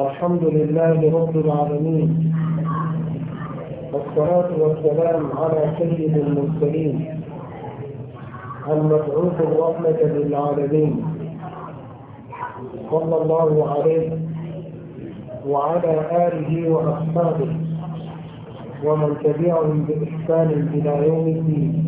الحمد لله رب العالمين والصلاة والسلام على سيد المرسلين المبعوث الرحمة للعالمين صلى الله عليه وعلى آله وأصحابه ومن تبعهم بإحسان إلى يوم الدين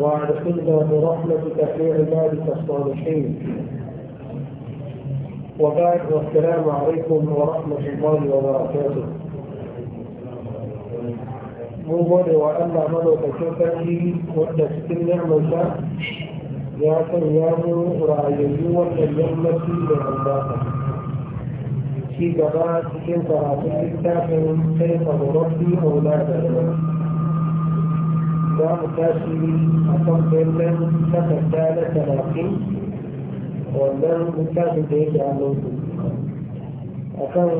وادخلنا برحمتك في عبادك الصالحين وبعد والسلام عليكم ورحمة الله وبركاته mun gode wa Allah madaukakin sarki wadda cikin yarmarsa ya sanya mu rayayyu wannan yammaci da albarka ci gaba cikin karatun littafin sai fa rabbi aulada كاسي أفضل لن تتسال تلاقي ولن تتسال بيت عنه أكان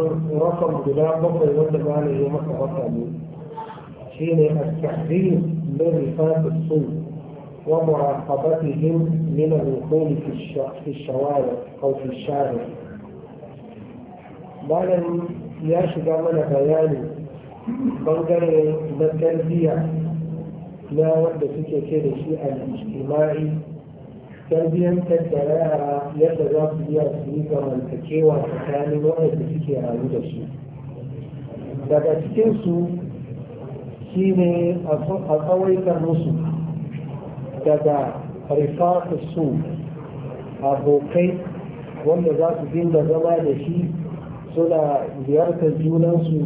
رقم بلا بقر يوجب عليه مصر حين التحذير من رفاق السن ومراقبتهم من الوقوع في في الشوارع أو في الشارع. بعد يا شجاع من بيان بنجر التربية na wanda suke ce da shi a ijtima'i tarbiyyantar da yara yadda za su iya su yi zamantakewa tsakanin waɗanda suke rayu da shi daga cikinsu shi ne a tsawaitar musu daga rifatu su abokai wanda za su dinga zama da shi suna ziyartar junansu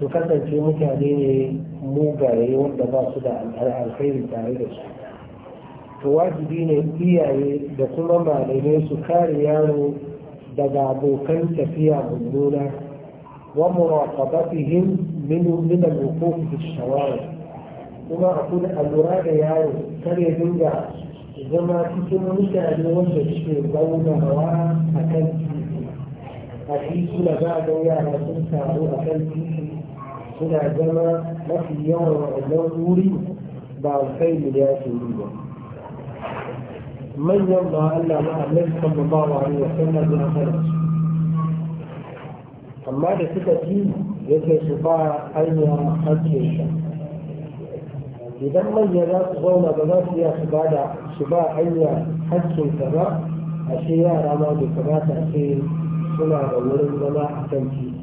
su kasance mutane ne mugaye wanda ba su da alkhairi tare da su to wajibi ne iyaye da kuma malamai su kare yaro daga abokan tafiya mummuna wa muraqabatihim min min al-wuquf fi shawari kuma a kula a lura da yaro kare dinga zama cikin mutane wanda suke zaunawa a kan titi a titi na za a ga yara sun taru a kan titi suna zama mafi yawan wannan wuri ba mu ya ke yi ba manyan ba Allah wa annabi sallallahu na wasallam kan su amma da suka ji yake su ba hanya hakkin shi idan manya za su zauna ba za su iya su ba da su ba hanya hakkin sa ba ashe yara ma da kamata a ce suna da wurin zama a kan titi.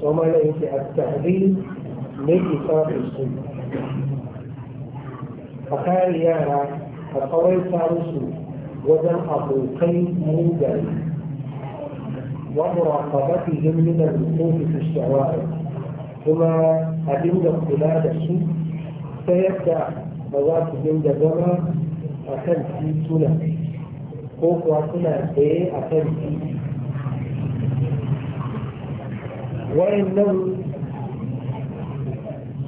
Sau mana yake a tahrir make yourself a sin. A kayan yara a kawai musu wajen abokai mugaye. Wadda ba ba fi jimminar hukumi su shawa kuma abinda kula da su ta yadda ba za su dinga zama a kan tituna ko kuwa suna tsaye a kan titi. Wayan nan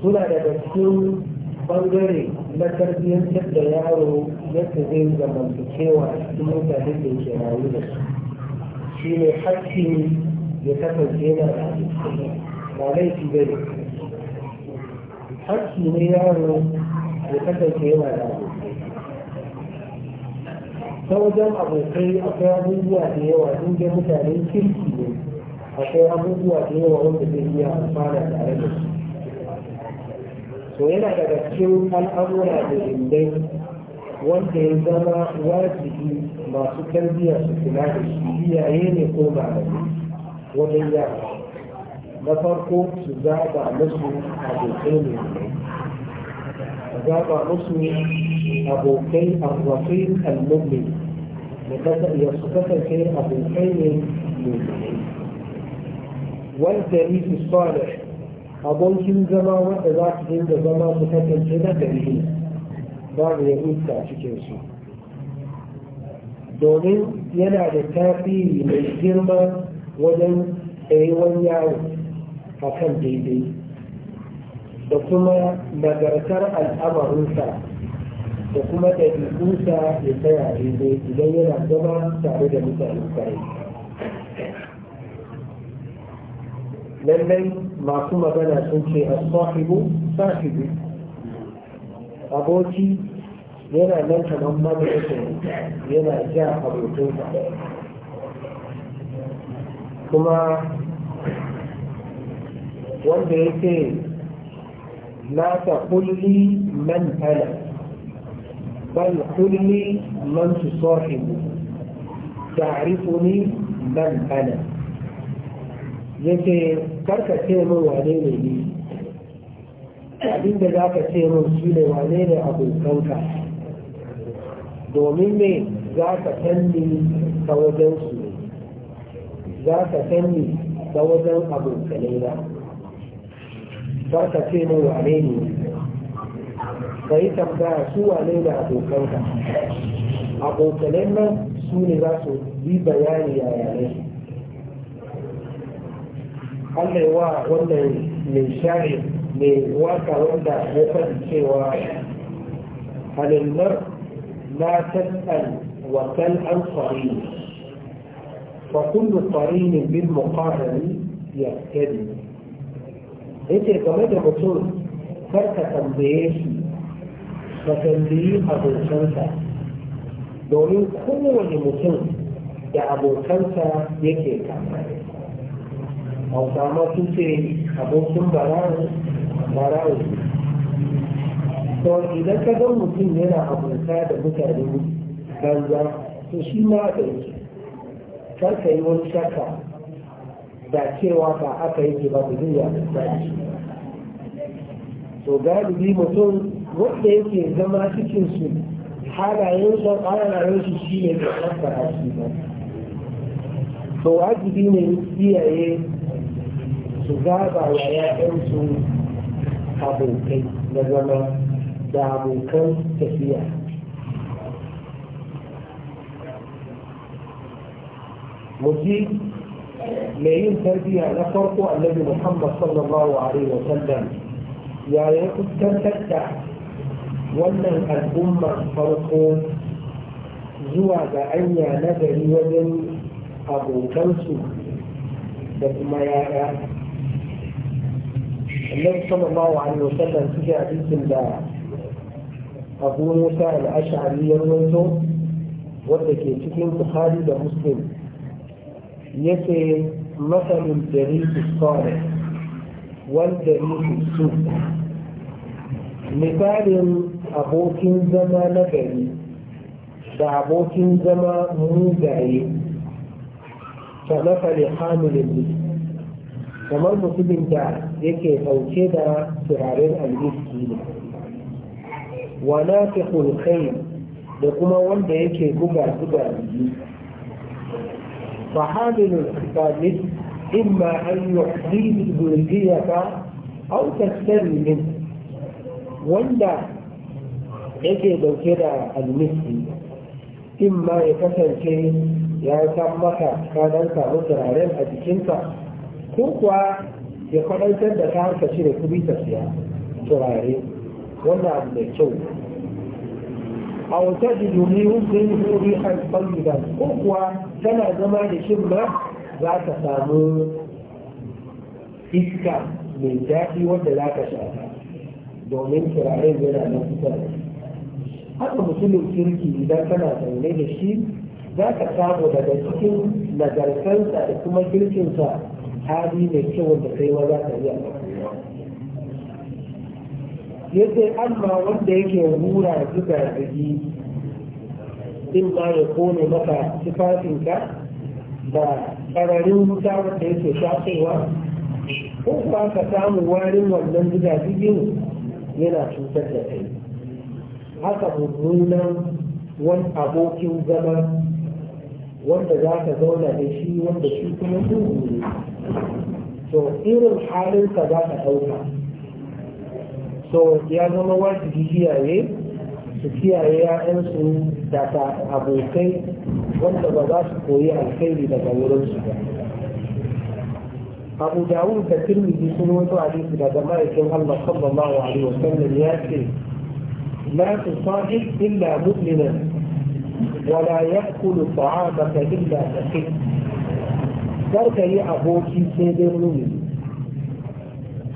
suna da cikin bangare na tarbiyyantar da yaro yadda zai cewa cikin mutane da ke rayu da su shi ne hakki ya kasance na ba laifi ba ne hakki ne yaro ya kasance yana da ta wajen abokai akwai abubuwa da yawa sun da mutane kirki ne akwai abubuwa da yawa wanda zai iya amfana tare da su to yana daga cikin al'amura da indai wanda ya zama wajibi masu tarbiyya su kula da shi iyaye ne ko malamai wajen yara na farko su zaba musu abokai ne zaba musu abokai arrafin al-mumin ya su kasance abokai ne ne wanda ni su salih abokin zama wanda zasu su dinga zama su kasance na gari babu ya iska cikinsu domin yana da tasiri mai girma wajen tsayuwar yawo a daidai da kuma nagartar da kuma ɗabi'unsa ya tsaya daidai idan yana zama tare da mutanen lallai masu magana sun ce a sahibu sahibu aboki yana nan kamar madrasin yana ja abokinsa kuma wanda ya ce kulli man tala bal kulli man tusahibu ta'rifuni man ana ya ce karka ce min wane ne ni abinda za ka ce min shi ne wane ne abokanka domin ne za ka san ni ta wajen su ne za ka san ni ta wajen abokanai na karka ce min wane ne ka yi tambaya su wane ne abokanka abokanai nan su ne za su yi bayani yare su Allah ya wa wannan mai shari mai waka wanda ya faɗi cewa halimar na tas'al wa tal an qarin fa kullu ya bil muqarrani Ya yace game da mutum kar ka tambaye shi ka tambayi abokansa domin kowane mutum da abokansa yake kama hausa sun ce abokin barawo barawo to idan ka ga mutum yana abota da mutane banza to shi ma da yake kar ka yi wani shakka da cewa ba aka yi ba mutum ya abota shi to galibi mutum wanda yake zama cikin su halayen son halayen shi ne da tsakar shi ba to wajibi ne iyaye su zaba wa ‘ya'yansu abokai na zama da abokan tafiya muji mai yin tarbiyya na farko annabi muhammad sallallahu alaihi wa sallam yayin fuskantar da wannan al'ummar farko zuwa ga anya nagari wajen abokansu da kuma yaya النبي صلى الله عليه وسلم في حديث الله أبو موسى الأشعري يروي wanda ke cikin bukhari da muslim yake matsalin jaridu sore wanda yake su misalin abokin zama na gari da abokin zama mugaye ta matsali hamilin kamar mutumin da yake ɗauke da turaren almiski ne wa na fi da kuma wanda yake buga buga jiki fa hamilul imma an yuhdini burjiyata aw tastari wanda yake dauke da almiski imma ya kasance ya san maka ka mutararen turaren a jikinka ko kuwa ya kwadaitar da ta harka cire kuɗi ta siya turare wannan abu mai kyau a wata yi hukun a har ko kuwa tana zama da shi ma za ta samu iska mai daɗi wanda za ka shafa domin turaren yana na kusa haka mutumin kirki idan tana zaune da shi za ka samu daga cikin nagartansa da kuma kirkinsa hali mai kyau da kai wa za ka iya yace amma wanda yake hura zuga zugi in ma ya kone maka tufafinka da ƙararin wuta wanda yake shafewa ko ba ka samu warin wannan zuga zugin yana cutar da kai haka mummunan wani abokin zama wanda za ka zauna da shi wanda shi kuma duhu ne to irin halinka za ka ɗauka so ya zama wajibi kiyaye su kiyaye ‘ya'yansu daga abokai wanda ba za su koyi alkhairi daga wurinsu ba abu dawud da tirmidhi sun wato hadisi daga ma'aikin allah sallallahu alaihi wasallam ya ce لا تصاحب إلا مؤمنا ولا يأكل طعامك إلا تقي karka yi aboki sai dai mumini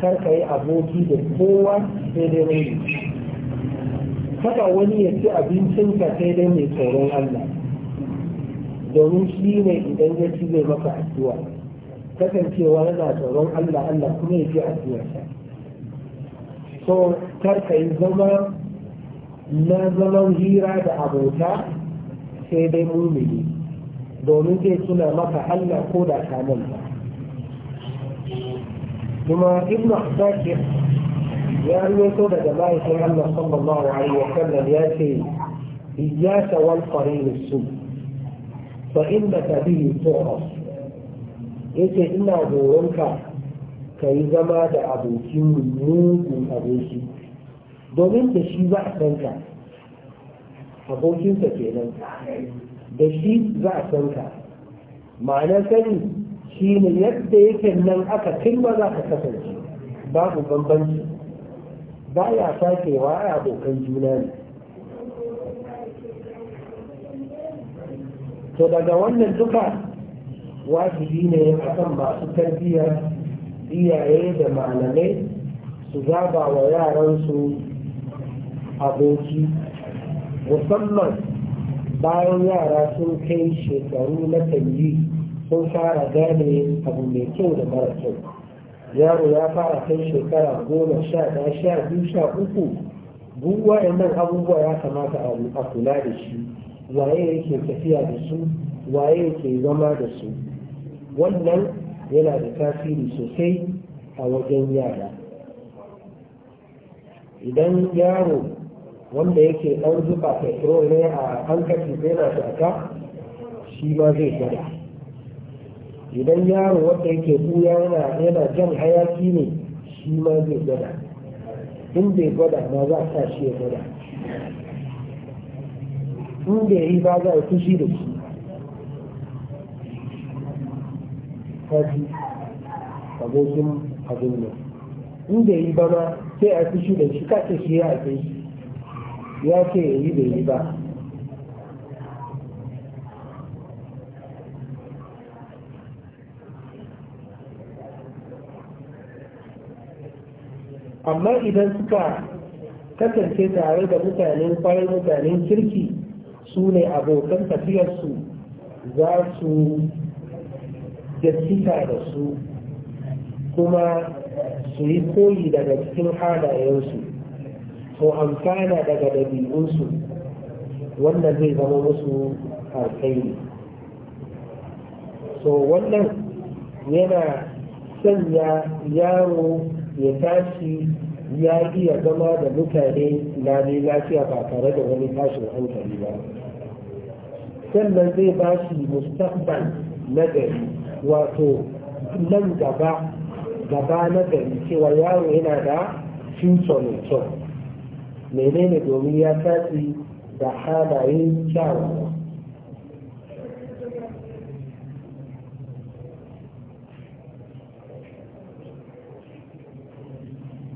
karka yi aboki da kowa sai dai mumini kada wani ya ci abincin ka sai dai mai tsoron Allah domin shi ne idan ya ci zai maka addu'a kasancewa yana tsoron Allah Allah kuma ya addu'a so karka yi zama na zaman hira da abota sai dai mumini domin zai suna maka Allah ko da ka ba. kuma ibn Asakir ya so daga mahaifin Allah sallallahu alaihi wa sallam ya ce iyyaka wal da su fa innaka bihi Ya ce ina horonka ka yi zama da abokin mugun aboki domin da shi ba a sanka abokinsa kenan da shi za a san ka ma'ana sani shi ne yadda yake nan aka kai za ka kasance babu bambanci ba ya wa a abokan juna ne to daga wannan duka wajibi ne kasan masu tarbiyyar iyaye da malamai su zaba wa yaransu aboki musamman bayan yara sun kai shekaru na kalli sun fara gane abu mai kyau da mara kyau yaro ya fara kai shekara goma sha ɗaya sha biyu sha uku duk nan abubuwa ya kamata a kula da shi waye yake tafiya da su waye ke zama da su wannan yana da tasiri sosai a wajen yara idan yaro wanda yake ɗan zuba petrol ne a hankali zai na shaka shi ma zai gwada idan yaro wanda yake buya yana jan hayaki ne shi ma zai gwada in bai gwada ma za a sa shi ya gwada in bai yi ba za a fushi da shi kaji abokin abin ne. in bai yi ba ma sai a fushi da shi kace shi ya ake shi ya ce ya yi bai yi ba amma idan suka kasance tare da mutanen kwarai mutanen kirki su ne abokan tafiyarsu za su jasita da su kuma su yi koyi daga cikin halayensu To amfana daga dabi'unsu wanda zai zama musu alkhairi so wannan yana sanya yaro ya tashi ya iya zama da mutane na ne lafiya ba tare da wani tashin hankali ba sannan zai ba shi mustaqbal na gari wato nan gaba gaba na gari cewa yaro yana da future mai kyau menene domin ya tafi da halayen kyawawa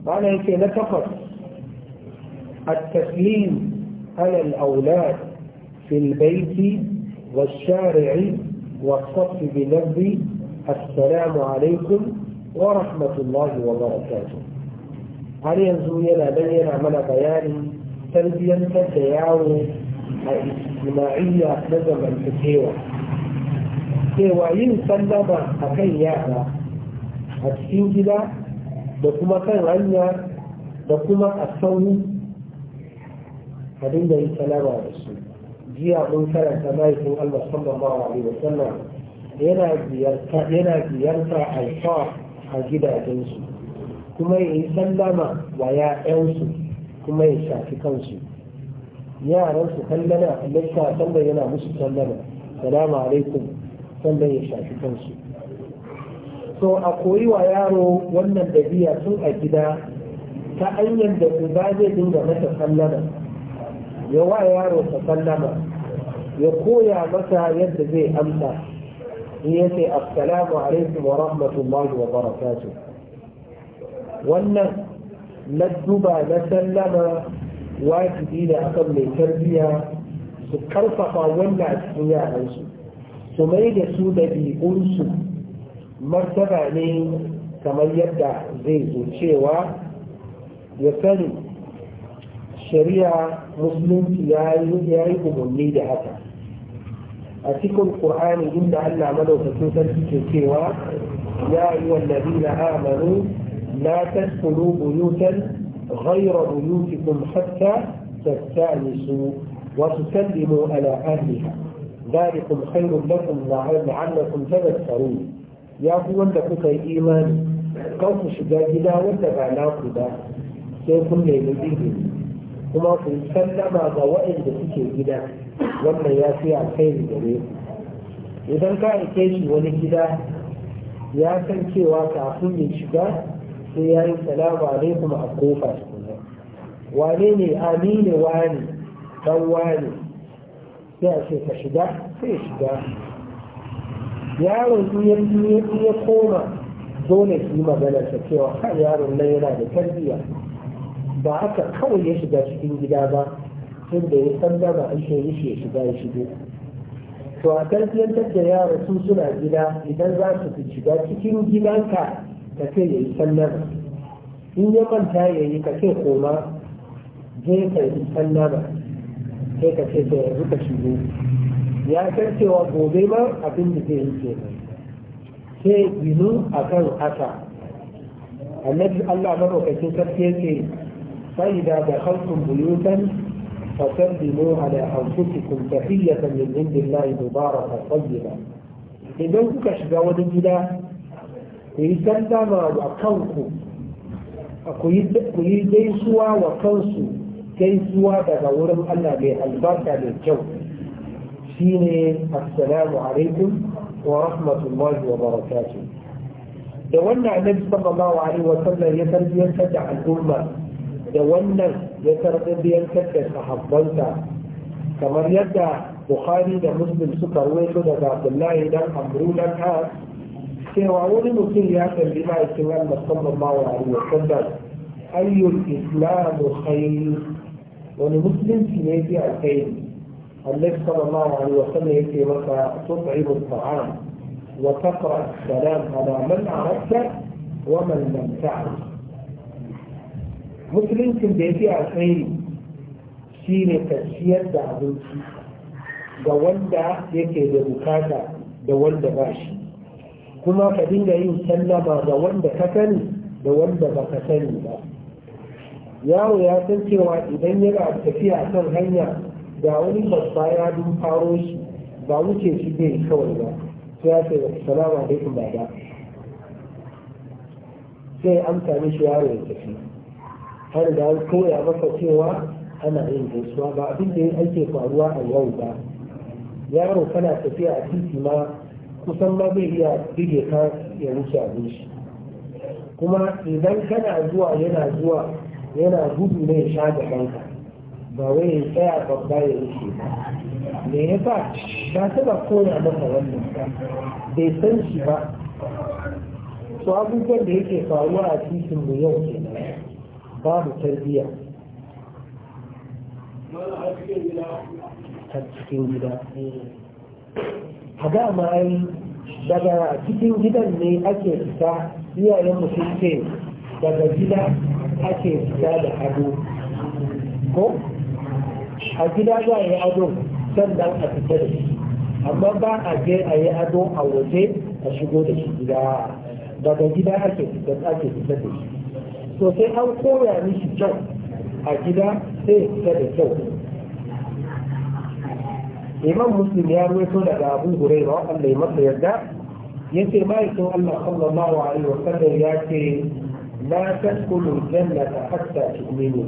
معنى يمكن نتقص التسليم على الأولاد في البيت والشارع والصف بلفظ السلام عليكم ورحمة الله وبركاته har yanzu yana dan yana mana bayani tarbiyyantar da yawo a ijtima'iyya na zamantakewa cewa yin sallama a kan yara a cikin gida da kuma kan hanya da kuma a sauri abin da yi sallama da su jiya mun karanta mahaifin Allah sallallahu alaihi wa sallam yana ziyarta yana ziyarta alfa a gidajensu kuma ya yi sallama wa ‘ya'yansu kuma ya shafi kansu yaran su kallana lissa sanda yana musu sallama salamu alaikum sanda ya shafi kansu so a koyi wa yaro wannan dabi'a tun a gida ta hanyar da uba zai dinga masa sallama ya wa yaro ta sallama ya koya masa yadda zai amsa in yace assalamu alaikum wa rahmatullahi wa barakatuh wannan na duba na sallama wajibi da akan mai tarbiyya su karfafa wannan a cikin yaransu su mai da su ɗabi'unsu martaba ne kamar yadda zai zo cewa ya sani shari'a musulunci ya yi umarni da haka a cikin ƙur'ani inda allah madaukakin sarki ke cewa ya yi na amanu لا تدخلوا بيوتا غير بيوتكم حتى تستأنسوا وتسلموا على أهلها ذلكم خير لكم لعلكم تذكرون يا أخوان لكم إيمان قوم شجاج لا ودفع لا قدا سيكون ليل الدين كما في سلم ضوائل بسكي جدا وما ياسي على خير جريب إذا كان كيش ولي يا ياسن كي واسع كل شجاج sai ya yi salamu alaikum a kofa wane ne amini wani dan wane sai ce ka shiga sai ya shiga yaron in ya koma dole su yi magana ta cewa kan yaron nan yana da tarbiyya ba aka kawai ya shiga cikin gida ba tun da ya san dama an shi ya shiga ya shigo to a tarbiyyantar da yaron su suna gida idan za su shiga cikin gidanka tafi ya yi sannan in ya manta ya yi kace koma je ka yi sannan sai ka ce ta yanzu ka shigo ya san cewa gobe ma abin da zai yi ke nan sai binu a kan haka annabi allah maɗaukakin sarki ya ce fa'ida da hankun buyutan fasar binu a da hankuki kun tafiya kan yin idan kuka shiga wani gida ku yi sallama wa kanku ku yi gaisuwa wa kansu gaisuwa daga wurin Allah mai albarka mai kyau shine assalamu alaikum wa rahmatullahi wa barakatu. da wannan annabi sallallahu alaihi wa sallam ya tarbiyantar da al'umma da wannan ya tarbiyantar da sahabbansa kamar yadda Bukhari da Muslim suka da daga Abdullahi dan Amru dan cewa wani mutum ya tambi ma'aikin Allah sallallahu alaihi wa sallam ayyul islam khair wani musulunci ne fi alkhairi annabi sallallahu alaihi wa sallam yake maka tut'imu at'am wa taqra salam ala man arabta wa man lam ta'rif musuluncin da yafi alkhairi shine ka ciyar da abinci ga wanda yake da bukata da wanda ba shi kuma ka dinga yin sallama ga wanda ka sani da wanda ba ka sani ba yaro ya san cewa idan yana tafiya kan hanya ga wani babba ya dun faro shi ba wuce shi zai kawai ba sai ya ce salamu alaikum ba. sai an sami yaro ya tafi har da an koya masa cewa ana yin gaisuwa ba abin da ake faruwa a yau ba yaro kana tafiya a titi ma kusan ma zai iya bige ka ya wuce abin shi kuma idan kana zuwa yana zuwa yana gudu ne sha gabanka ba wai ya tsaya babba ya wuce ba me ya sa ta taba koya masa wannan bai san shi ba to abubuwan da yake faruwa a titin mu yau ke babu tarbiyya a cikin gida a dama yi daga cikin gidan ne ake fita iyayen mutum ce daga gida ake fita da ado ko a gida za a yi ado sannan a fita da shi amma ba a je a yi ado a waje a shigo da shi gida daga gida ake fita ake fita da shi sosai an koya mishi kyau a gida sai fita da kyau imam muslim ya ruwaito daga abu huraira Allah ya masa yarda yace ma'aikin Allah sallallahu alaihi wa sallam ya ce لا تدخلوا الجنة حتى تؤمنوا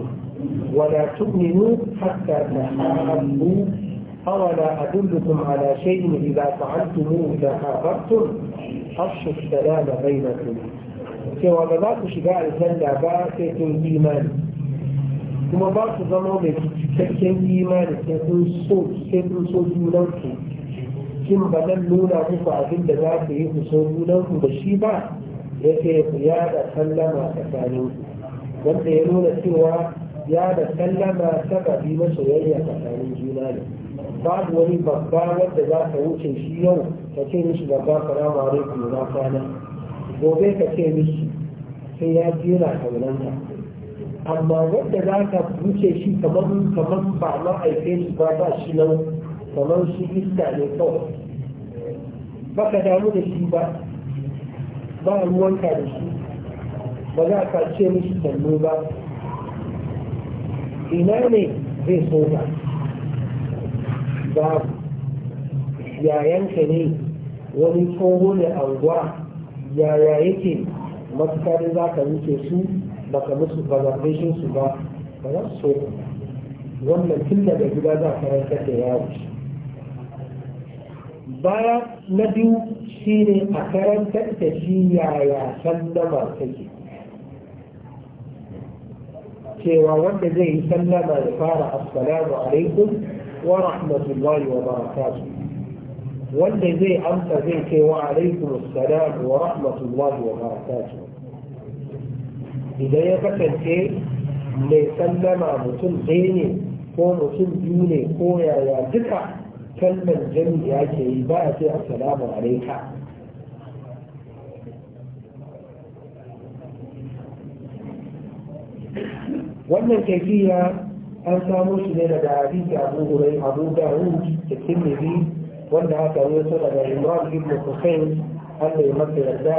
ولا تؤمنوا حتى تحابوا أولا أدلكم على شيء إذا فعلتموه تحاببتم أفشوا السلام بينكم cewa ba za ku shiga aljanna ba sai kun imani kuma ba su zama mai cikakken imani da sun so sai sun so junanku shin ba nan nuna muku abin da za ku yi ku so junanku da shi ba ya ce ku yada sallama tsakanin wanda ya nuna cewa ya da sallama sababi na soyayya tsakanin juna ne babu wani babba wanda za ka wuce shi yau ka ce mishi gaba salamu alaikum na kwana gobe ka ce mishi sai ya jera kaunanka amma wanda za ka wuce shi kamar kamar ba ma aike shi ba ba shi nan kamar shi iska ne kawai ba ka damu da shi ba ba ruwanka da shi ba za ka ce mishi sannu ba ina ne zai so ka ba yayanka ne wani tsoho ne anguwa yaya yake matukar za ka wuce su baka musu ba za su ba ba za su so wannan tun daga gida za ka rantar da yawo baya na biyu shi ne a karantar da shi yaya sallama take cewa wanda zai yi sallama ya fara assalamu alaikum wa rahmatullahi wa barakatu wanda zai amsa zai ce wa alaikum assalam wa rahmatullahi wa barakatu idan ya kasance mai sallama mutum ɗaya ne ko mutum biyu ne ko yaya duka kalmar jami'a ke yi ba a ce assalamu alaika wannan kaifiya an samo shi ne daga hadisi abu hurai abu da'ud da tirmidhi wanda aka rawaito daga imran ibn husayn Allah da masa yarda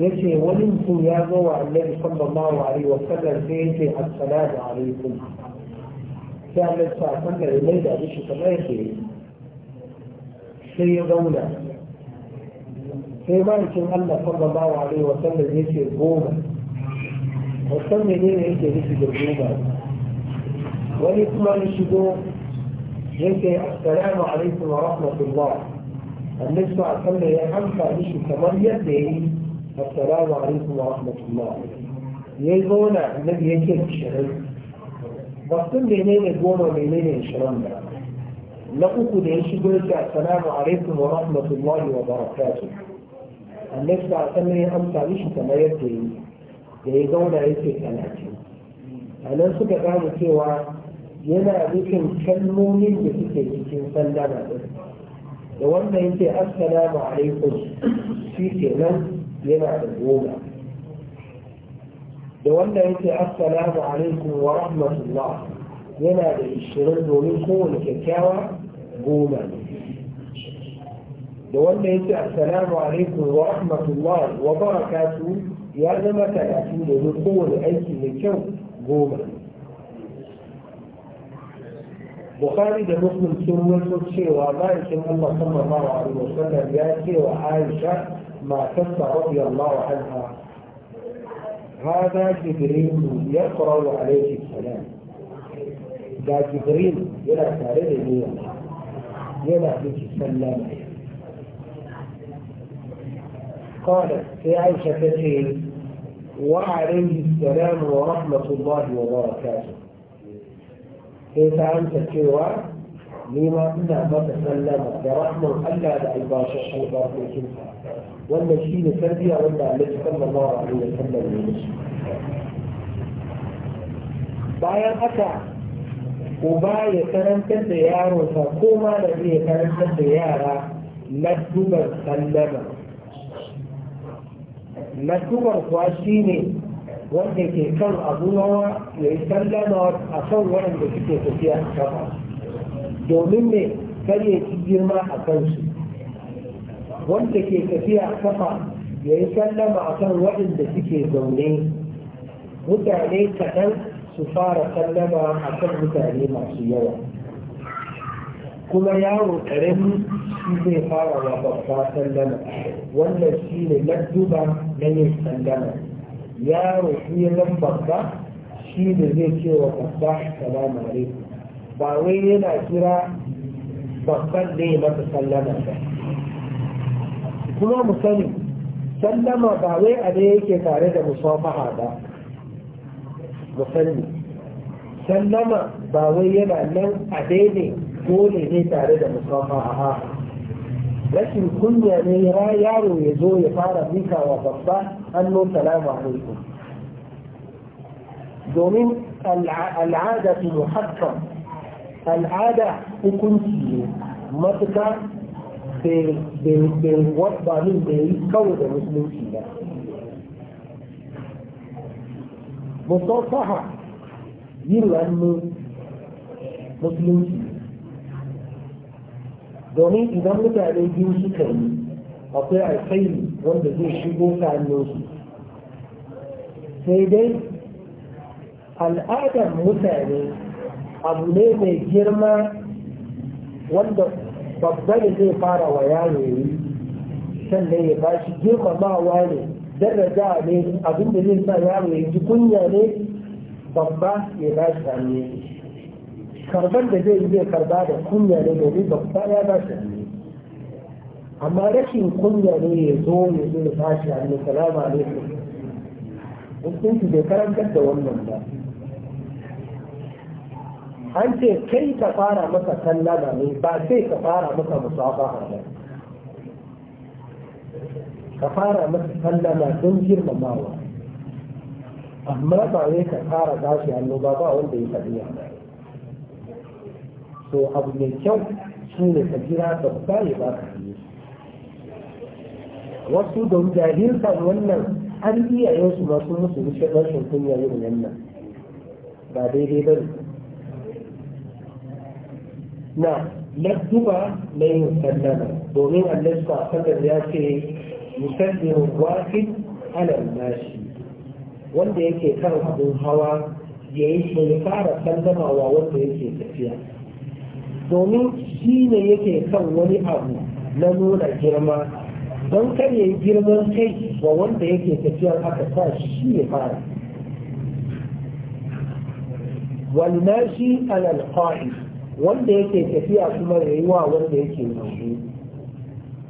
يجي ولنت يا ضوء الذي صلى الله عليه وسلم فيه السلام عليكم كان لسا أفكر إليه أبيش تلاقي شيء دولة فيما يكون الله صلى الله عليه وسلم يجي الغومة وسلم لين يجي يجي الغومة ولكم يشدون يجي السلام عليكم ورحمة الله النسوة أسمى يا حمسة يجي كمان يديه assalamu alaikum wa rahmatullah ya zauna annabi ya ce shirin ba sun ne goma mai menene shirin ba na uku da ya shigo yake assalamu alaikum wa rahmatullahi wa barakatuh annabi ba san ne amsa mishi kamar yadda yi da ya zauna ya yake talatin a nan suka gane cewa yana nufin kalmomin da suke cikin sallama da wannan wanda yake assalamu alaikum shi kenan yana da goma da wanda yake assalamu alaikum wa rahmatullah yana da ishirin domin kowane kyakkyawa goma da wanda yake assalamu alaikum wa rahmatullah wa barakatu ya zama talatin domin kowane aiki mai kyau goma Bukhari da Muslim sun wato cewa ma'aikin Allah sallallahu alaihi wasallam ya ce wa Aisha كتب رضي الله عنها هذا جبريل يقرأ عليه السلام ده جبريل إلى تعرض اليوم يلا بتسلم قالت في عائشة كثير وعليه السلام ورحمة الله وبركاته كيف أنت سوى لما أنها ما تسلمت برحمة الله لعباشة البركة wannan shi ne tarbiya wanda annabi sallallahu alaihi wasallam ya musu bayan haka uba ya karantar da yaro sa, ko malami ya karantar da yara na dubar sallama na dubar kuwa shi ne wanda ke kan abu nawa ya yi sallama a kan waɗanda suke tafiya a kafa domin ne kar ya girma a kansu wanda ke tafiya kafa ya yi sallama a kan waɗanda suke zaune mutane kaɗan su fara sallama a kan mutane masu yawa kuma yaro ƙarami shi zai fara wa babba sallama wanda shi ne ladduba na yin sallama yaro shi ya nan babba shi ne zai ce wa babba salamare, ba wai yana kira babban ne masa sallama ba kuma mu sani sallama ba wai a yake tare da musafaha ba mu sani sallama ba wai yana nan a ne dole ne tare da musafaha rashin kunya ne yaro ya zo ya fara mika wa babba hannu salamu alaikum domin al'ada su muhakkam al'ada hukunci ne matuka bai da yi kawai da musulunci ba musafaha yin hannu musulunci domin idan mutane biyu suka yi akwai alkhairi wanda zai shigo ta sai dai al'adar mutane abu ne mai girma wanda babba ne zai fara wa yaro yi sannan ya ba shi girmamawa ne daraja ne abin da zai sa yaro ya ji kunya ne babba ya ba shi hannu karban da zai yi zai karba da kunya ne domin babba ya ba shi hannu amma rashin kunya ne ya zo ya zo ya ba shi hannu salamu alaikum mutunci bai karantar da wannan ba an ce kai ka fara masa sallama ne ba sai ka fara masa musafaha ba ka fara masa sallama don girmamawa amma ba wai ka fara tashi hannu ba ba wanda ya faɗi ya so abu mai kyau shi ne ka jira babba ya ba ka yi wasu don jahilkan wannan an iyayensu masu musu rushe shi kunya yin wannan ba daidai ba ne na lattuba na yin sallama domin a sallallahu ya ce musallin wahid ala nashi wanda yake kan abin hawa ya yi fara sallama wa wanda yake tafiya domin shi ne yake kan wani abu na nuna girma don kar ya yi girman kai wa wanda yake tafiya aka sa shi ne fara walmashi alal qa'id wanda yake tafiya kuma rayuwa wanda yake nauyi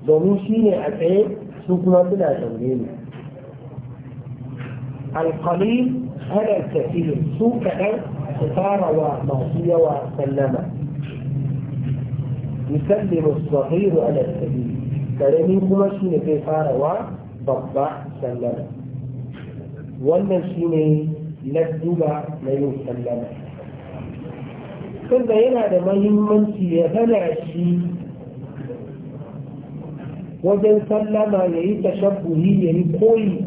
domin shi ne a tsaye su kuma suna zaune ne alkalil hadar tafiya su kaɗan su fara wa masu yawa sallama يسلم الصغير a الكبير karami kuma shi ne zai farawa babba sallama wannan shi ne na duba na yin sallama tunda yana da mahimmanci ya hana shi wajen sallama ya yi tashabbuhi ya yi koyi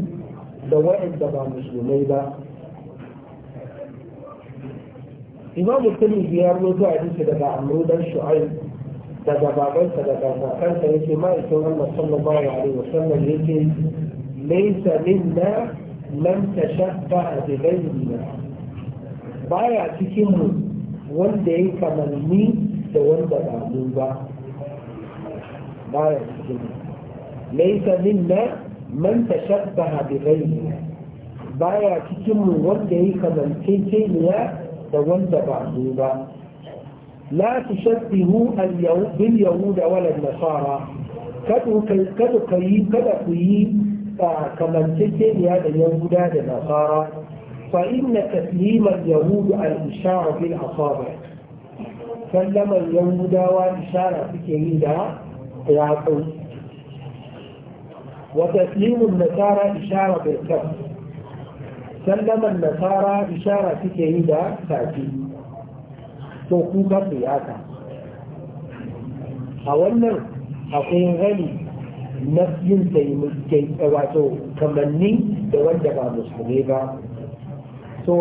da waɗanda ba musulmai ba imamu turmi ya rozo a jinsu daga amrudan shu'ai daga babansa daga kakansa ya ce ma'aikin allah sallallahu alaihi wasallam ya ce laisa minna lam tashabba bi ghayrina baya cikin mu wanda ya kamanni da wanda ba mu ba baya cikin laisa minna man tashabbaha bi ghayri baya cikin mu wanda ya kamanci kiniya da wanda ba mu ba la tushabbihu al-yahud bil yahud wa la nasara kada ku yi ah, kamanci kiniya da yahuda da nasara فإن تسليم اليهود الإشارة بالأصابع سلم اليهود وإشارة بكيدا يعقل وتسليم النصارى إشارة بالكف سلم النصارى إشارة بكيدا تأتي توقوك سياسة أولا أقول غني نفي تيمكي واتو كمني دوجب مسلمي to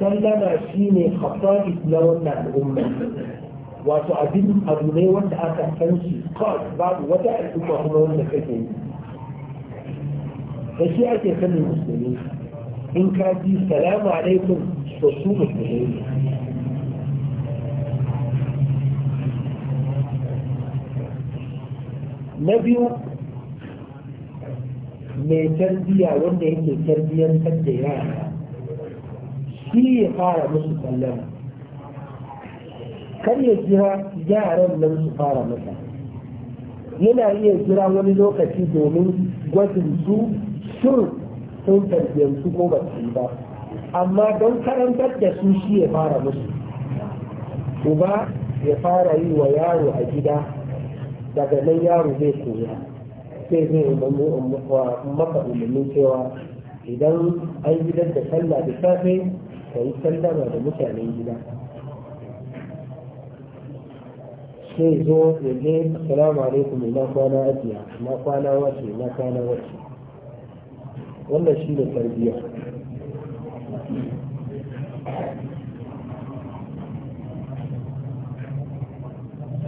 sallama shi ne hafafi na wannan al'umma wato abin abu ne wanda aka san shi kawai babu wata al'umma kuma wanda kake yi da shi ake sanin musulmi in ka ji salamu alaikum to su musulmi ne na biyu mai tarbiya wanda yake tarbiyantar da yara shi ya fara musu sallama kar ya jira yaran nan su fara masa yana iya jira wani lokaci domin gwajin su sun sun su ko ba su ba amma don karantar da su shi ya fara musu uba ya fara yi wa yaro a gida daga nan yaro zai koya sai zai umarni maka umarni cewa idan an gidan da sallah da safe يسلم هذا متميز شيء زور يجيب السلام عليكم ما كان أدنى ما كان وشي ما كان وشي ولا شيء للتربية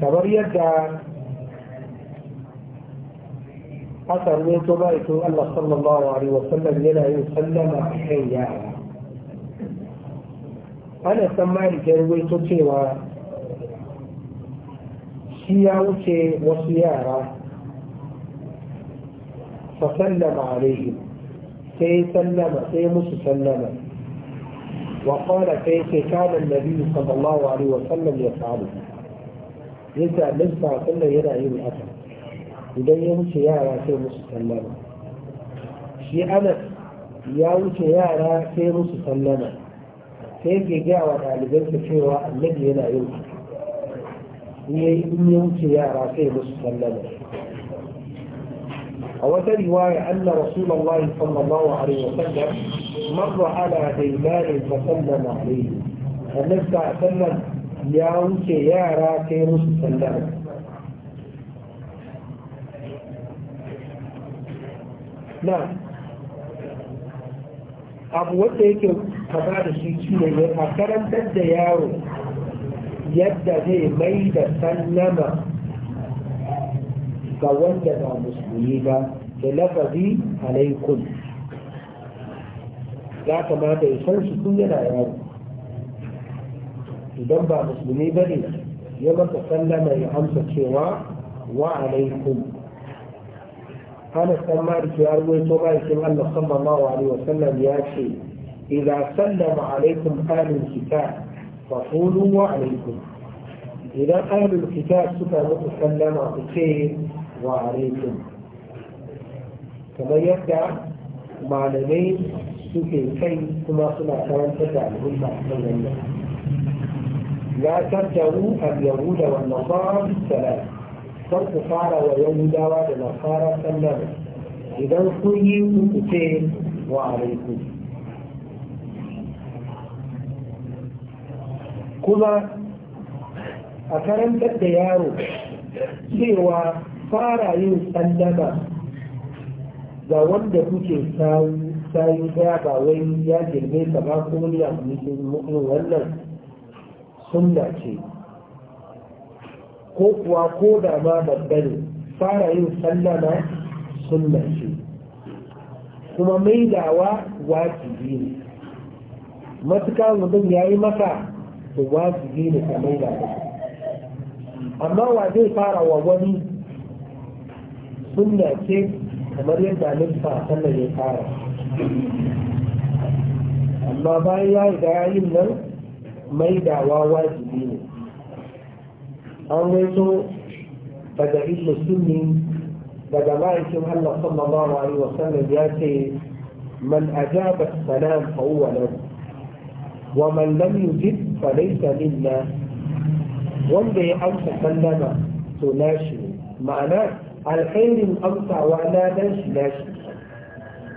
خبر يدان حسن من توبائته الله صلى الله عليه وسلم لنا يسلم حياه ana san malik ya ruwaito cewa shi ya wuce wasu yara fa sallama alaihi sai sallama sai musu sallama wa qala sai ce da biyu sallallahu alaihi wa sallam ya fa'alu yace annabi sallallahu alaihi yana yin haka idan ya wuce yara sai musu sallama shi anas ya wuce yara sai musu sallama sai yake gaya wa ɗalibansa cewa annabi yana yin in ya yi wuce yara sai musu sallama a wata riwaya anna rasulullahi sallallahu alaihi wa sallam marra ala daimanin fa sallama alaihi annabi sa sallam ya wuce yara sai musu sallama na'am abu wanda yake kama da shi shi ne a karantar da yaro yadda zai mai da sallama ga wanda ba musulmi ba da lafazi alaikun ya kamata ya san shi tun yana yaro idan ba musulmi ba ne ya masa sallama ya amsa cewa wa alaikum anas ɗan malik ya ruwaito ma'aikin allah sallallahu alaihi wasallam ya ce idza sallama alaikum ahlul kitab fa qulu wa alaikum idan ahlul kitab suka muku sallama ku ce wa alaikum kamar yadda malamai suke kai kuma suna karantar da al'umma kan wannan ya tattaru al-yahuda wan nasara bis salam don ku fara wa yahudawa da nasara sallar idan kun yi ku ce wa alaikum kuma a karantar da yaro cewa fara yin sallama ga wanda kuke sayu daya ba wai ya girme ka ba kuma ya abu wannan sunna ce ko kuwa ko da ma babba fara yin na sunna ce kuma maidawa wajibi ne matuƙa mutum ya yi maka to wajibi ne ka maida amma wa zai fara wa wani sunna ce kamar yadda nufa sannan ya fara amma bayan ya yi da yayin nan maidawa wajibi ne أولي تو بدأ إيش سنين بدأ ما يسوى هلا صلى الله عليه وسلم يأتي من أجاب السلام فهو أولا ومن لم يجب فليس منا ولي أوسى سلم تناشي معناه الحين الأوسع وأنا ناشي ناشي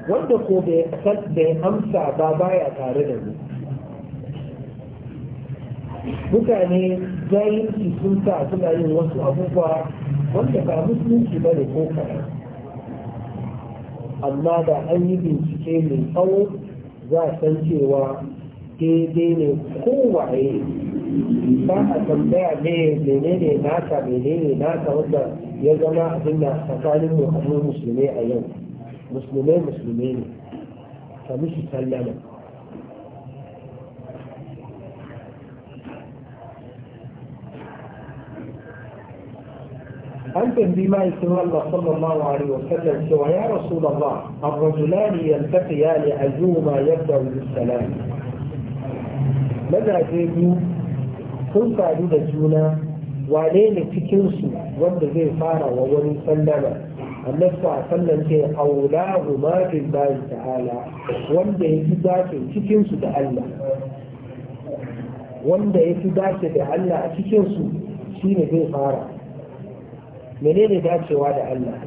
وانتقوا بأسد بأمسع بابايا تاردني mutane zalunci sun sa suna yin wasu abubuwa wanda ba musulunci ba ne ko kaɗan amma da an yi bincike mai tsawo za a san cewa daidai ne kowaye ba a tambaya ne menene naka ne naka wanda ya zama abin da tsakanin mu musulmai a yau musulmai musulmai ne ka mishi sallama أنت بما الله صلى الله عليه وسلم سوى يا رسول الله الرجلان يلتقيان أيهما يبدأ بالسلام ماذا تجدوا كنت أجد جونا وعلينا تكنس وابد ذي فارا وولي سلم النفس أسلم كي أولاه ما في الله تعالى وابد يجدات تكنس تألم وابد يجدات تألم تكنس شين ذي فارا menene dacewa da Allah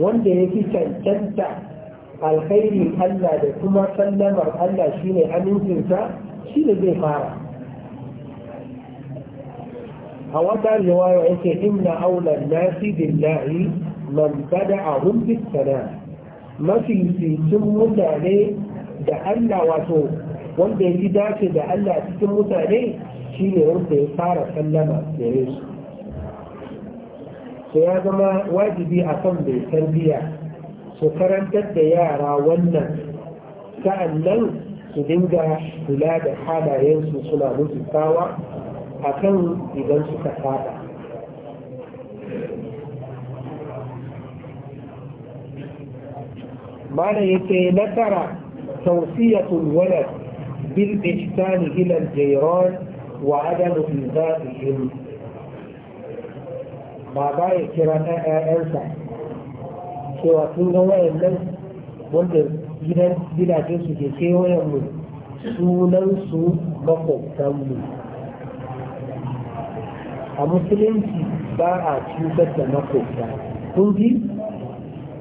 wanda yake fi cancanta alkhairi Allah da kuma sallamar Allah shine amincinsa shi ne zai fara a wata riwaya yake inna aula nasi billahi man bada bada'ahum bis sana mafi cikin mutane da Allah wato wanda ya dace da Allah cikin mutane shine wanda ya fara sallama gare su to ya zama wajibi a kan mai tarbiyya su karantar da yara wannan sa'an nan su dinga kula da halayensu suna musu tsawa a kan idan suka saba mana yake na tara tausiyatul walad bil ihsani ila al-jayran wa adamu izabihim baba ya kira ƴaƴansa cewa sun ga wayan nan wanda gidan gidajen su ke wayan mu sunan su mu. a musulunci ba a cutar da makwabta kun ji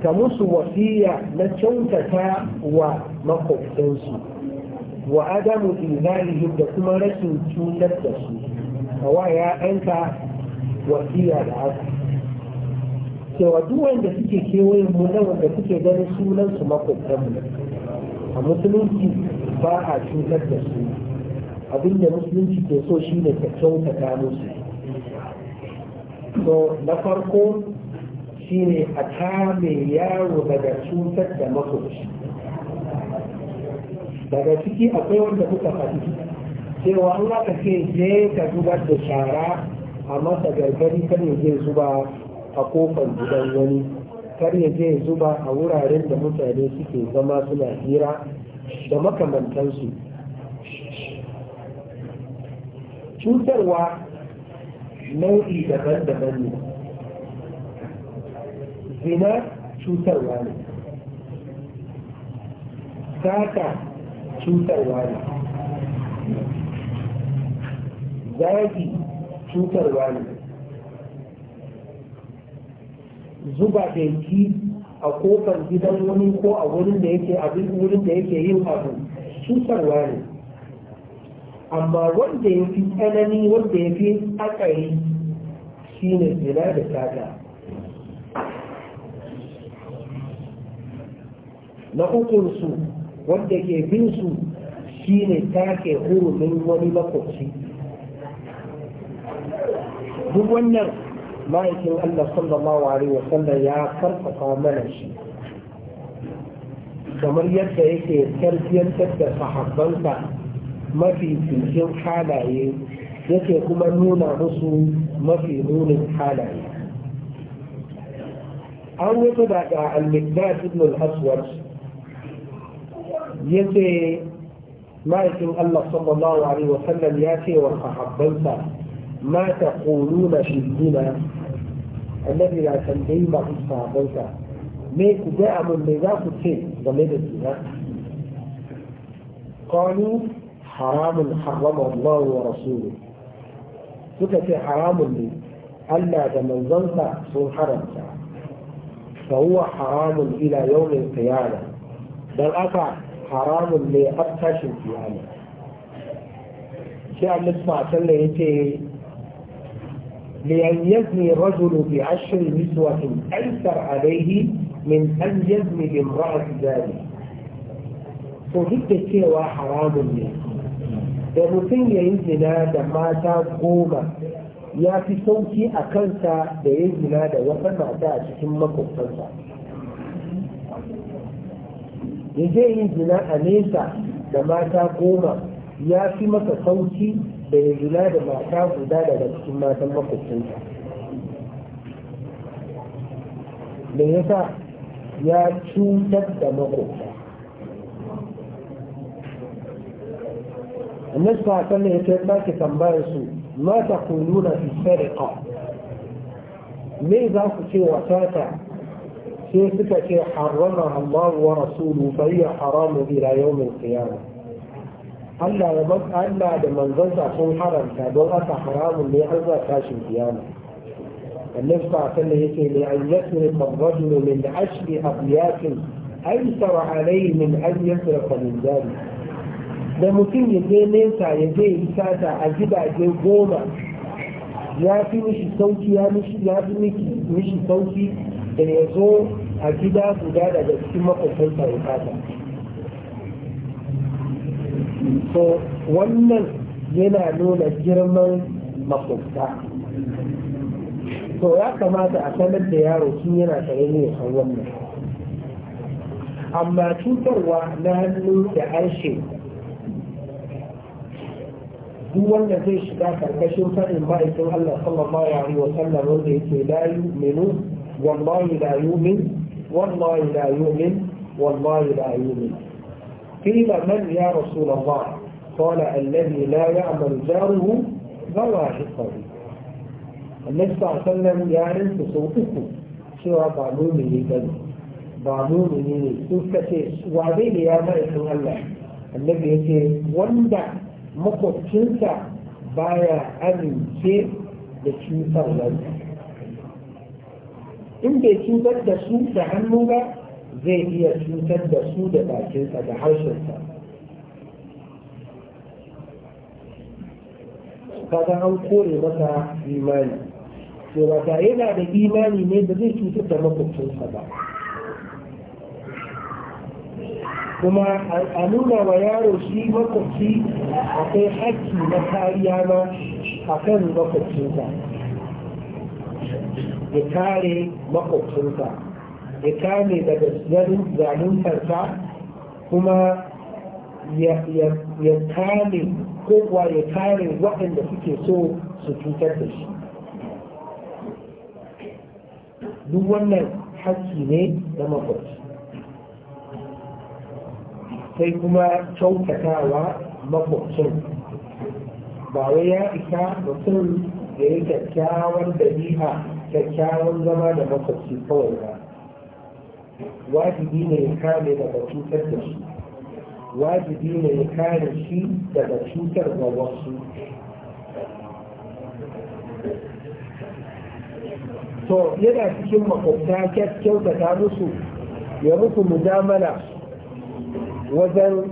ka musu wasiya na kyautata wa makwabtansu wa adamu ilalihim da kuma rashin cutar da su kawa ya ɗanka wasiya da haka cewa duk wanda suke kewayen mu na wanda suke ganin sunan su makwabtan mu a musulunci ba a cutar da su abin da musulunci ke so shine ka ta musu na farko shine a kame yaro daga cutar da makwabci daga ciki akwai wanda kuka faɗi cewa an ka ce je ka zubar da shara Amma ta gargari kar ya je zuba a kofar gidan wani kar ya je zuba a wuraren da mutane suke zama suna hira da makamantansu cutarwa nau'i daban-daban ne zina cutarwa ne sata cutarwa ne zagi cutarwa ne zuba benki a kofar gidan wani ko a wurin da yake abin wurin da yake yin abu cutarwa ne amma wanda ya fi tsanani wanda ya fi akari shi ne zina da sada na hukunsu wanda ke bin su shi ne take hurumin wani makwabci duk wannan ma'aikin Allah sallallahu alaihi wa sallam ya karfafa mana shi kamar yadda yake tarbiyyantar da sahabbansa mafi cikin halaye yake kuma nuna musu mafi nunin halaye an wuce daga al-mikdad ibn al-aswad yace ma'aikin Allah sallallahu alaihi wa sallam ya ce wa sahabbansa ما تقولون في الزنا الذي لا تنبيه ما في صحابيك ليك جاء من نظام الشيء ضمير الزنا قالوا حرام حرم الله ورسوله فكتي حرام لي ألا تمنزلت صور حرم فهو حرام إلى يوم القيامة بل أتى حرام لأبتش القيامة شيء نسمع سنة يتيه لأن يزني الرجل بعشر نسوة أيسر عليه من أن يزني بامرأة ذلك to duk da cewa haramun ne da mutum ya yi zina da mata goma ya fi sauki a kansa da ya zina da wata mata a cikin makwabtansa ya zai yi zina a nesa da mata goma ya fi masa sauki da ya zina da mata guda daga cikin matan makwabcinsa da ya sa ya cutar da makwabta nasu ba ne ya ce ta ke tambayar su mata ta kuluna fi sariqa me za ku ce wa tata sai suka ce harrama Allah wa rasulu fa hiya haramu ila yau mai Allah ya ba Allah da manzansa sun haramta don aka haramun ne an za ta shi kiyama annabi sa sallallahu yake ne an yasrifa rajul min ashri abyatin aysara alayhi min an yasrifa min dari da mutum ya je nesa ya je yi sata a gidaje goma ya fi mishi sauki ya mishi ya fi mishi sauki da ya zo a gida guda daga cikin makwabtansa ya sata to wannan yana nuna girman makwabta to ya kamata a sanar da yaro tun yana tsaye ne a wannan amma cutarwa na hannu da harshe duk wanda zai shiga karkashin faɗin ma'aikin Allah sallallahu alaihi wa sallam wanda yake la yu'minu wallahi la yu'min wallahi la yu'min wallahi la yu'min قيل من يا رسول الله قال الذي لا يعمل جاره ظواهره النبي صلى الله عليه وسلم سوى بعلومه بل بعلومه سوكتي وعليه يا ملك الله النبي يجي وندع مقر تنسى بايا أمين شيء لكي صلى الله عليه وسلم إن بيتي بدأ سوكتا عنه zai iya cutar da su da bakinsa da harshensa kaga an kore masa imani to ba ta yana da imani ne da zai cutar da makwabcinsa ba kuma a nuna wa yaro shi makwabci akwai haƙƙi na kariya ma a kan makwabcinsa ya kare makwabcinsa ya kame daga zaluntarsa kuma ya kame ko kuwa ya kare waɗanda suke so su cutar da shi duk wannan haƙƙi ne na makwabci sai kuma kyautatawa makwabcin ba wai ya isa mutum da ya kyakkyawar dabi'a kyakkyawan zama da makwabci kawai ba wajibi ne ya kame daga cutar da shi wajibi ne ya kare shi daga cutar da wasu to yana cikin makwabta kyautata musu ya musu mujamala wajen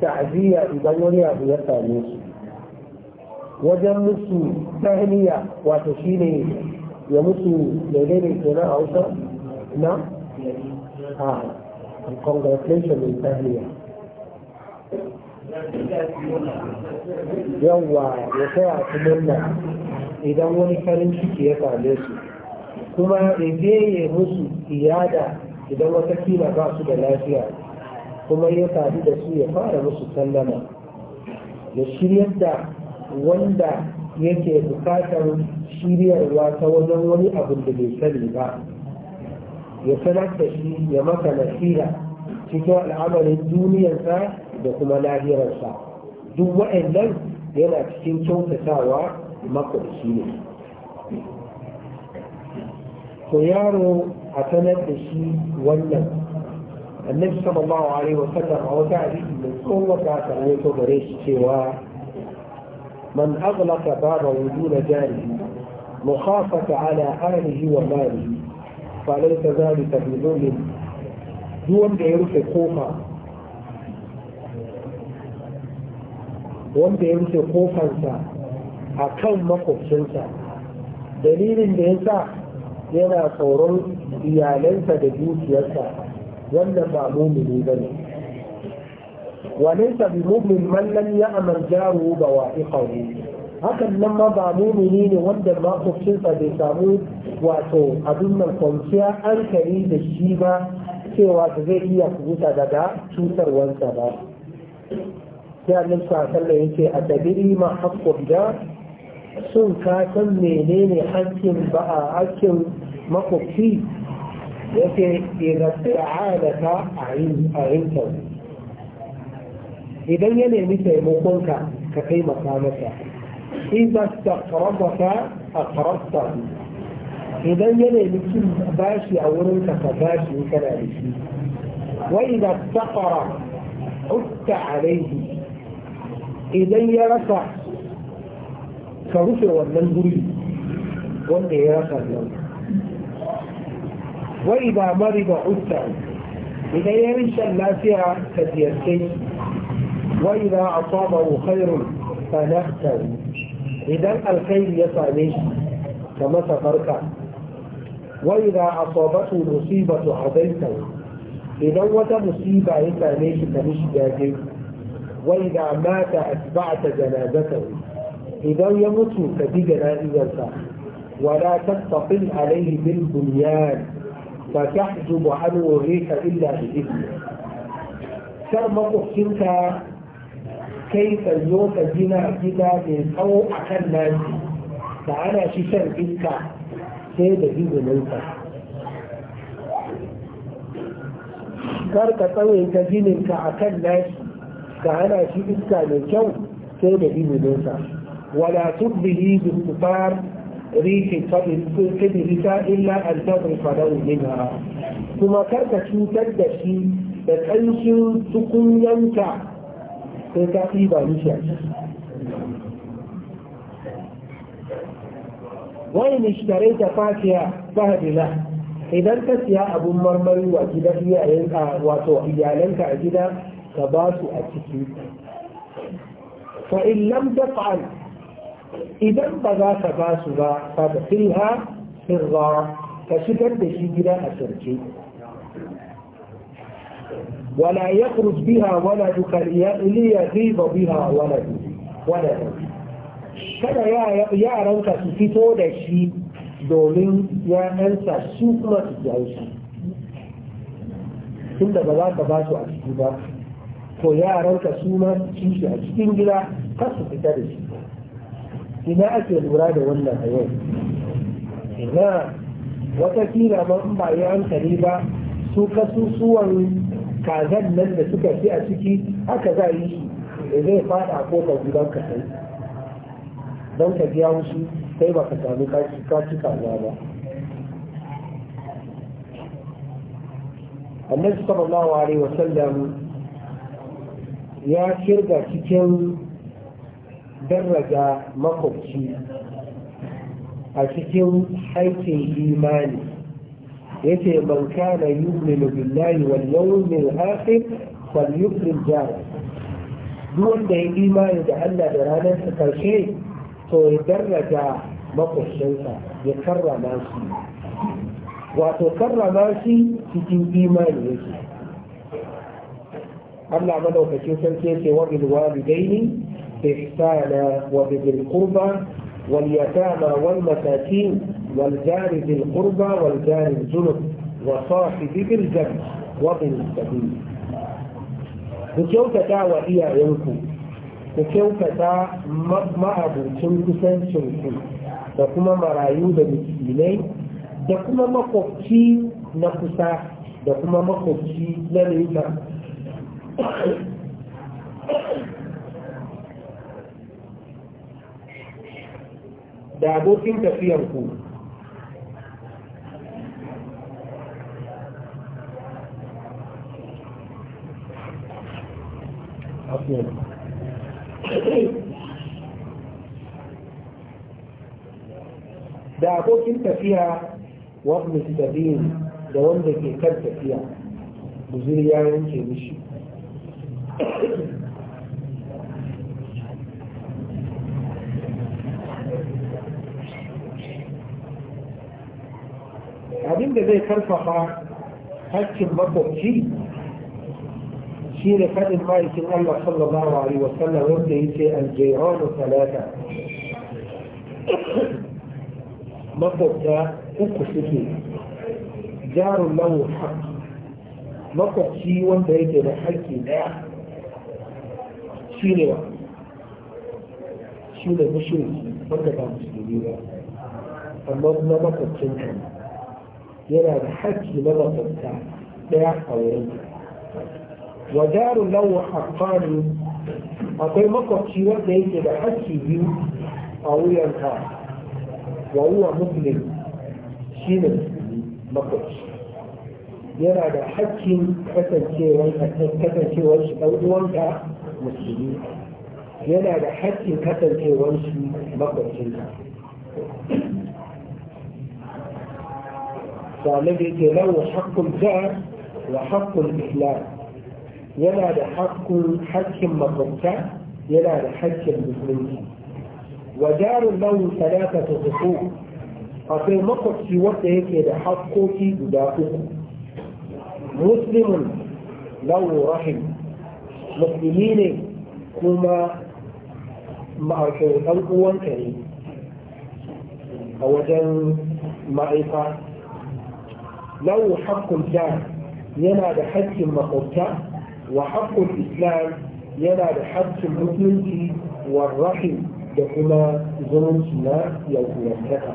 ta'aziyya idan wani abu ya same su wajen musu tahniya wato shine ya musu daidai da kenan a hausa na Ah, and congratulations in Tahliya. Yawwa ya taya su murna idan wani farin ciki ya same su, kuma ya je ya musu iyada idan wata kila ba su da lafiya, kuma ya sadu da su ya fara musu sallama, ya shiryar da wanda yake bukatar shiryarwa ta wajen wani abin da bai sani ba. يتنكت في يمكن فيها في كل العمل الدنيا فا بكم لا غير فا دو إلا يلا تسيمتون تساوى مكو سيني سيارو أتنك بشي ونن النبي صلى الله عليه وسلم هو تعريف من قوة كاتر ويتو بريش سوا من أغلق باب وجود جاره مخافة على أهله وماله zari ta بظلم duk wanda ya rufe kofa wanda ya rufe kofansa a kan makwabcinsa dalilin da ya sa yana tsoron iyalansa da dukiyarsa wanda ba mumini ba ne walaisa bi mumin man lam ya'mal jaru bawa'iqahu hakan nan ma ba mumini ne wanda makwabcinsa bai samu wato abin nan kwanciya hankali da shi ba cewa da zai iya kubuta daga cutarwansa ba sai annabi sallallahu ya yake a dabiri ma hakkun da sun ka san menene hakkin ba a hakkin makwabci yake irasi a halaka a rinta idan ya nemi taimakonka ka taimaka masa إذا استقرضك أقرضته إذا يلي مثل باشي أو أنت فباشي كذلك وإذا افتقر عدت عليه إذا يرفع كرفع والننبري وإذا يرفع وإذا مرض عدت إذا يرشى النافع كديرتين وإذا أصابه خير فنهته إذا الخيل يسعى ليش؟ كما تركع وإذا أصابته المصيبة حبيته إذا وجد مصيبة يسعى ليش؟ كمش جاهل وإذا مات أتبعت جنازته إذا يموت فدي جنازة ولا تستقل عليه بالبنيان فتحجب عنه الريح إلا بإذنه شر ما تحسنك kai ka zo ka gina gida mai tsawo a kan nashi da ana shi shan iska sai da izininsa kar ka ka gininka a kan nashi ka ana shi iska mai kyau sai da izininsa wala tubbihi bi kufar rikin kibirita illa an tabin farar gina? kuma kar ka cutar da shi da ƙanshin tukunyanka sai ka ɗiba mishi a ciki wai tare ta fasiya ba hadila idan ka siya abun marmari wa gida ka wato iyalanka a gida ka ba su a ciki fa in lam taf'al idan ba za ka ba su ba fa tafilha sirra ka shigar da shi gida a sarki ولا يخرج بها ولدك ليغيظ بها ولدك ولدك kada yaranka su fito da shi domin ya'yansa su kuma su jawo shi tun ba za ka ba su a ciki ba ko yaranka su ma su shi a cikin gida kar su fita da shi ina ake lura da wannan a yau ina wata ma in ba yi hankali ba su kasu suwan kazan nan da suka fi a ciki haka za yi shi da eh, zai fada a kofar gidan ka sai don ka biya wasu sai ba ka sami kaci kaza ba saba sallallahu alaihi wasallam ya kirga cikin daraja makwabci a cikin aikin imani يتي من كان يؤمن بالله واليوم الآخر فليكرم جاره دون ده إيمان ده الله درانا سترشي تو يدرجا مطر الشيطة يكرر ناسي وتكرر ناسي تتين إيمان يتي أما عمنا وفتين سنتيتي وبالوالدين إحسانا وبالقربة واليتامى والمساكين والجار في القربى والجار الجنب وصاحب بالجنب وابن السبيل بكيو كتا وإيا إنكو بكيو كتا مضمع بلتن كسان شنكو دكما مرايو بمسيلي دكما مقبتي نفسا دكما مقبتي لليكا دابوكين كفيا نكو da abokin tafiya wani tafiyin da wanda ke kan tafiya buzuri ya yanke mishi abinda zai karfafa hakkin makwabci شين فإن مالك الله صلى الله عليه وسلم وردي في الجيران ثلاثة مقبتا اقصتي جار له حق مقبتي وابدا يتي لحكي لا شين شين مشرك وابدا كان مسلمين أما ابن مقبتين كان يلا لحكي مقبتا لا يحاولين وجار لو حقاني أقول مقبشي وديك بحكي بيو أو ينكا وهو مسلم شين مقبشي يرى بحكي حسن شيء حسن شيء وش أو ينكا مسلمين يرى بحكي حسن شيء وش مقبشي فالذي لو حق الجار وحق الإسلام yana da hakkin makwabta yana da hakkin musulunci wa jarin talata ta hukuku akwai makwabci wanda yake da hakkoki guda uku muslimun lahu rahim musulmi ne kuma ma'arkin ɗan uwanka ne a wajen ma'aifa lawu hakkun jar yana da hakkin makwabta wa haƙƙul yana da haƙƙin musulunci wa rahim da kuma zumunci na yankuwantaka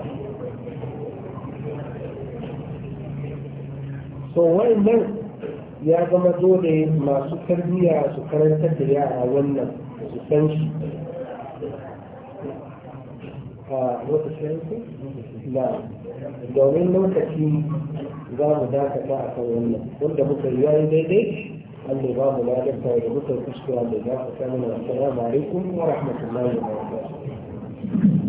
so wannan ya zama dole masu tarbiyya su karantar da yara wannan su san shi na domin lokaci za mu dakata a kan wannan wanda muka yi yayi daidai النظام لا ينفع لبكره تشكر لله السلام عليكم ورحمه الله وبركاته